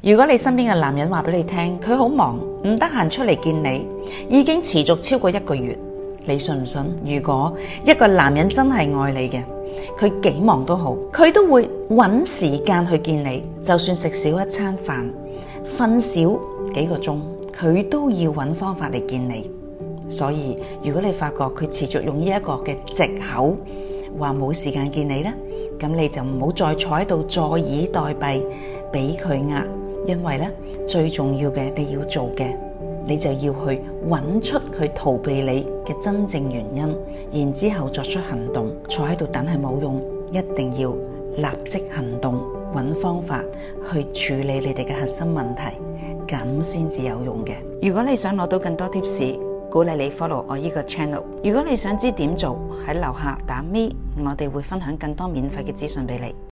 如果你身邊嘅男人話俾你聽，佢好忙唔得閒出嚟見你，已經持續超過一個月，你信唔信？如果一個男人真係愛你嘅，佢幾忙都好，佢都會搵時間去見你，就算食少一餐飯，瞓少幾個鐘，佢都要搵方法嚟見你。所以如果你發覺佢持續用呢一個嘅借口話冇時間見你呢，咁你就唔好再坐喺度坐以待斃，俾佢呃。因為咧最重要嘅你要做嘅，你就要去揾出佢逃避你嘅真正原因，然之後作出行動，坐喺度等係冇用，一定要立即行動，揾方法去處理你哋嘅核心問題，咁先至有用嘅。如果你想攞到更多 tips，鼓勵你 follow 我呢個 channel。如果你想知點做，喺樓下打 me，我哋會分享更多免費嘅資訊俾你。